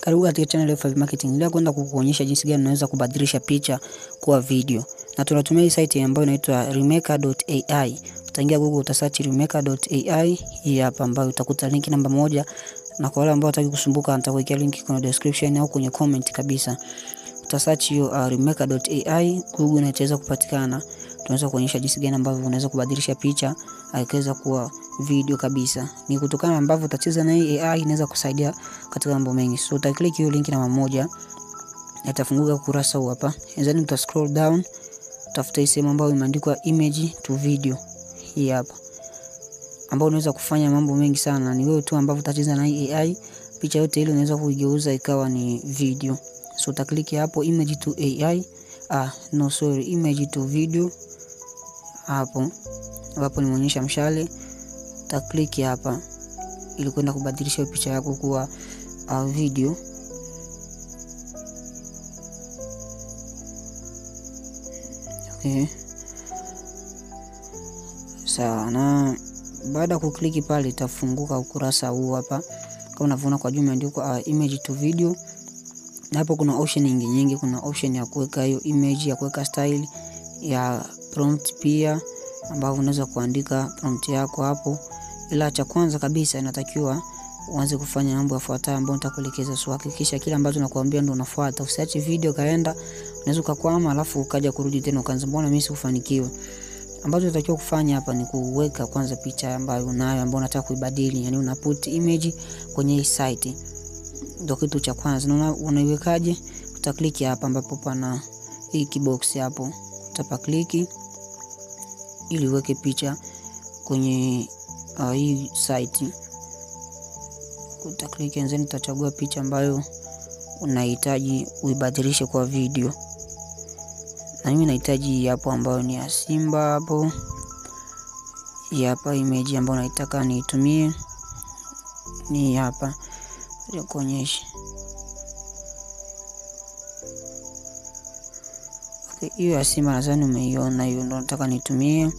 Karibu katika channel ya Marketing. Leo kwenda kukuonyesha jinsi gani unaweza kubadilisha picha kuwa video. Na tunatumia hii site ambayo inaitwa remaker.ai. Utaingia Google utasearch remaker.ai hii hapa ambayo utakuta link namba moja na kwa wale ambao hataki kusumbuka nitakuwekea link kwenye description au kwenye comment kabisa. Utasearch hiyo uh, remaker.ai Google inaweza kupatikana. Tunaweza kuonyesha jinsi gani ambavyo unaweza kubadilisha picha akaweza kuwa video kabisa. Ni kutokana na ambavyo utacheza na hii AI inaweza kusaidia katika mambo mengi. So utaklik hiyo link namba moja itafunguka kurasa huu hapa. Then uta scroll down utafuta hii sehemu ambayo imeandikwa image to video. Hii hapa. ambayo unaweza kufanya mambo mengi sana. Ni wewe tu ambavyo utacheza na hii AI, picha yote ile unaweza kuigeuza ikawa ni video. So utakliki hapo image to AI. Ah, no sorry, image to video hapo hapo nimeonyesha mshale utakliki hapa ili kwenda kubadilisha picha yako kuwa uh, video okay. Sawa, na baada ya kukliki pale itafunguka ukurasa huu hapa, kama unavyoona kwa juu imeandikwa uh, image to video, na hapo kuna option nyingi nyingi. Kuna option ya kuweka hiyo image, ya kuweka style, ya prompt pia, ambapo unaweza kuandika prompt yako hapo ila cha kwanza kabisa inatakiwa uanze kufanya mambo yafuatayo ambayo nitakuelekeza. So hakikisha kile ambacho nakuambia ndio unafuata, usiache video kaenda, unaweza ukakwama, alafu ukaja kurudi tena ukaanza, mbona mimi sikufanikiwa? Ambacho unatakiwa kufanya hapa ni kuweka kwanza picha ambayo unayo ambayo unataka kuibadili, yani una put image kwenye hii site, ndio kitu cha kwanza. Na unaiwekaje? Utakliki hapa ambapo pana hii kibox hapo, utapa kliki ili uweke picha kwenye uh, hii site utaklik and then utachagua picha ambayo unahitaji uibadilishe kwa video na mimi nahitaji hapo ambayo ni ya simba hapo hapa image ambayo naitaka niitumie ni hapa kuonyesha hiyo okay, ya simba nadhani umeiona hiyo ndo nataka nitumie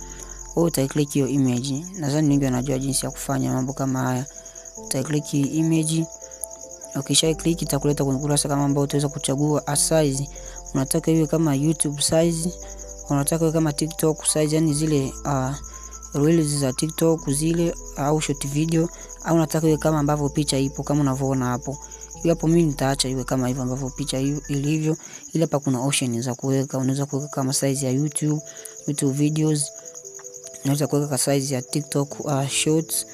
wewe utaiklik hiyo image. Nadhani wengi wanajua jinsi ya kufanya mambo kama haya. Utaiklik image, ukisha click itakuleta kwenye kurasa kama ambayo utaweza kuchagua size unataka iwe kama YouTube size, unataka iwe kama TikTok size, yani zile uh, reels za TikTok zile au short video, au unataka iwe kama ambavyo picha ipo kama unavyoona hapo hiyo hapo. Mimi nitaacha iwe kama hivyo ambavyo picha hiyo ilivyo, ila hapa kuna option za kuweka. Unaweza kuweka kama size ya YouTube, YouTube videos unaweza kuweka size ya TikTok uh, shorts,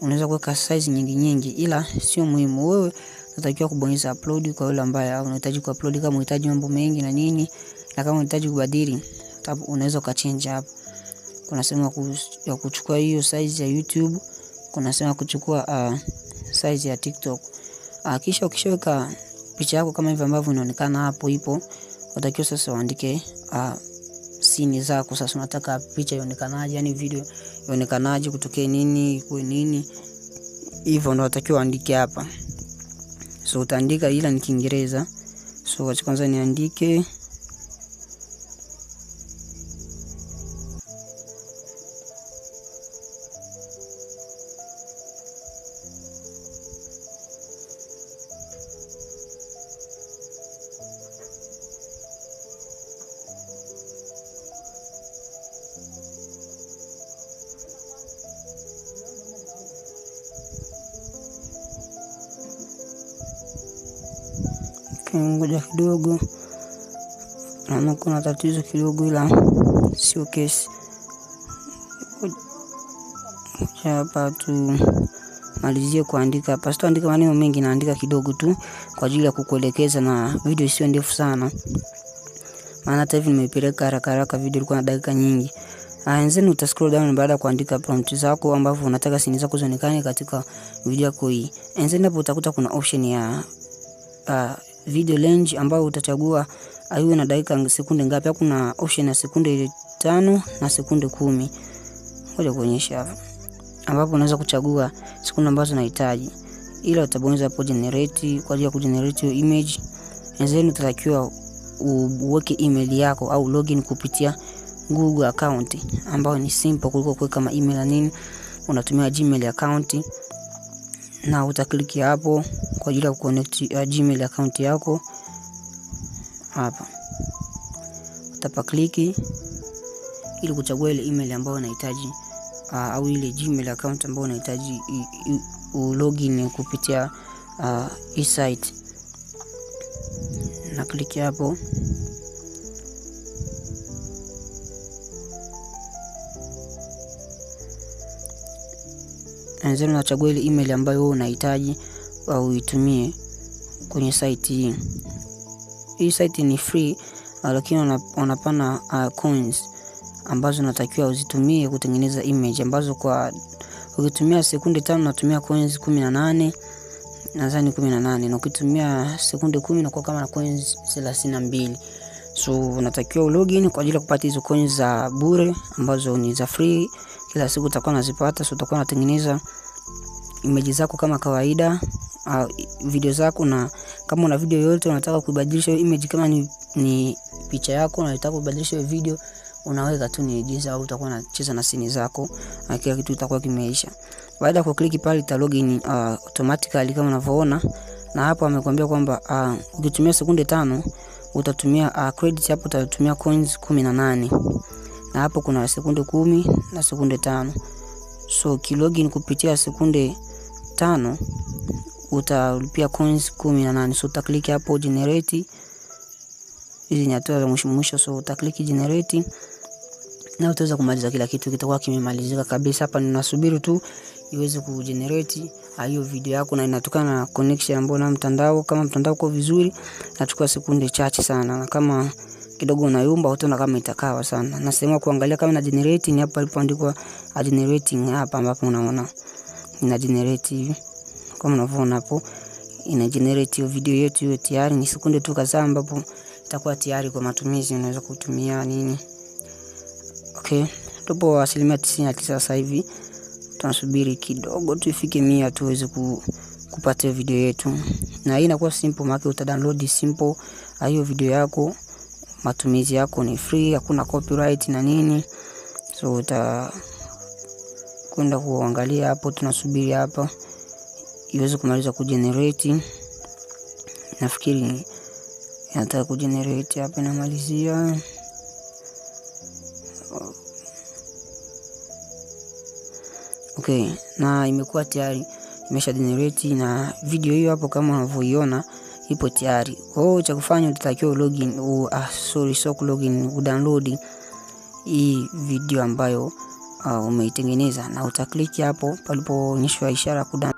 unaweza kuweka size nyingi nyingi, ila sio muhimu. Wewe unatakiwa kubonyeza upload kwa yule ambaye unahitaji ku upload, kama unahitaji mambo mengi na nini, na kama unahitaji kubadili tab, unaweza ukachange hapo. Kuna sehemu ya kuchukua hiyo size ya YouTube, kuna sehemu ya kuchukua uh, size ya TikTok. Uh, kisha ukishaweka picha yako kama hivi ambavyo inaonekana hapo ipo, unatakiwa sasa uandike uh, sini zako. Sasa unataka picha ionekanaje, yani video ionekanaje, kutokee nini, kue nini hivyo, ndo natakiwa andike hapa. So utaandika, ila ni Kiingereza. So wacha kwanza niandike ngoja kidogo, naona kuna tatizo kidogo, ila sio kesi. Hapa tu malizie kuandika hapa, sitaandika maneno mengi, naandika kidogo tu kwa ajili ya kukuelekeza, na video sio ndefu sana, maana hata hivi nimepeleka haraka haraka, video ilikuwa na dakika nyingi. Ah, Enzeni uta scroll down baada ya kuandika prompt zako ambavyo unataka sini zako zionekane katika video yako hii. Enzeni hapo utakuta kuna option ya uh, video range ambayo utachagua aiwe na dakika sekunde ngapi. Hapo kuna option ya sekunde tano na sekunde kumi. Ngoja kuonyesha hapa, ambapo unaweza kuchagua sekunde ambazo unahitaji, ila utabonyeza hapo generate kwa ajili ya kugenerate hiyo image, na then utatakiwa uweke email yako au login kupitia Google account ambayo ni simple kuliko kuweka ma email na nini. Unatumia Gmail account na utakliki hapo kwa ajili ya kuconnect uh, Gmail account yako hapa. Utapa kliki ili kuchagua ile email ambayo unahitaji uh, au ile Gmail account ambayo unahitaji ulogin kupitia uh, e-site na kliki hapo. anzeni unachagua ile email ambayo wewe unahitaji au uitumie kwenye site hii. Hii site ni free, lakini wanapana uh, coins ambazo unatakiwa uzitumie kutengeneza image ambazo kwa ukitumia sekunde tano unatumia coins kumi na nane nadhani kumi na nane na ukitumia sekunde kumi nakuwa kama na coins thelathini na mbili so unatakiwa ulogin kwa ajili ya kupata hizo coins za bure ambazo ni za free kila siku utakuwa unazipata, so utakuwa unatengeneza image zako kama kawaida uh, video zako, na kama una video yoyote unataka kuibadilisha image, kama ni, ni picha yako unataka kubadilisha video unaweka tu ni jinsi au utakuwa unacheza na sini zako na kila kitu kitakuwa kimeisha. Baada ya kuklik pale ita login uh, automatically kama unavyoona, na hapo amekwambia kwamba ukitumia uh, sekunde tano utatumia uh, credit hapo utatumia coins kumi na nane na hapo kuna sekunde kumi na sekunde tano. So ukilogin kupitia sekunde tano utalipia coins kumi na nane. So utakliki hapo generate. Hizi ni hatua za mwisho mwisho, so utakliki generate na utaweza kumaliza kila kitu, kitakuwa kimemalizika kabisa. Hapa ninasubiri tu iweze kujenerate ah, hiyo video yako, na inatokana na connection ambayo na mtandao. Kama mtandao uko vizuri, nachukua sekunde chache sana, na kama kidogo unayumba, utaona kama itakawa sana. Na sehemu kuangalia kama ina generating hapa a generating hapa ambapo unaona ina generate hivi. Kama unavyoona hapo ina generate hiyo video yetu hiyo tayari, ni sekunde tu kadhaa ambapo itakuwa tayari kwa matumizi, unaweza kutumia nini. Okay, tupo asilimia tisini na tisa sasa hivi, tunasubiri kidogo tuifike mia tuweze ku, kupata video yetu, na hii inakuwa simple, maana utadownload simple ah, hiyo video yako matumizi yako ni free, hakuna copyright na nini, so uta kwenda kuangalia hapo, tunasubiri hapa iweze kumaliza kujenerate. Nafikiri inataka kujenerate hapa, inamalizia okay, na imekuwa tayari imesha generate na video hiyo hapo kama unavyoiona ipo tayari. Kwa hiyo cha kufanya utatakiwa login, uh, ah, sorry so login, download hii video ambayo uh, umeitengeneza na utakliki hapo palipoonyeshwa ishara kudownload.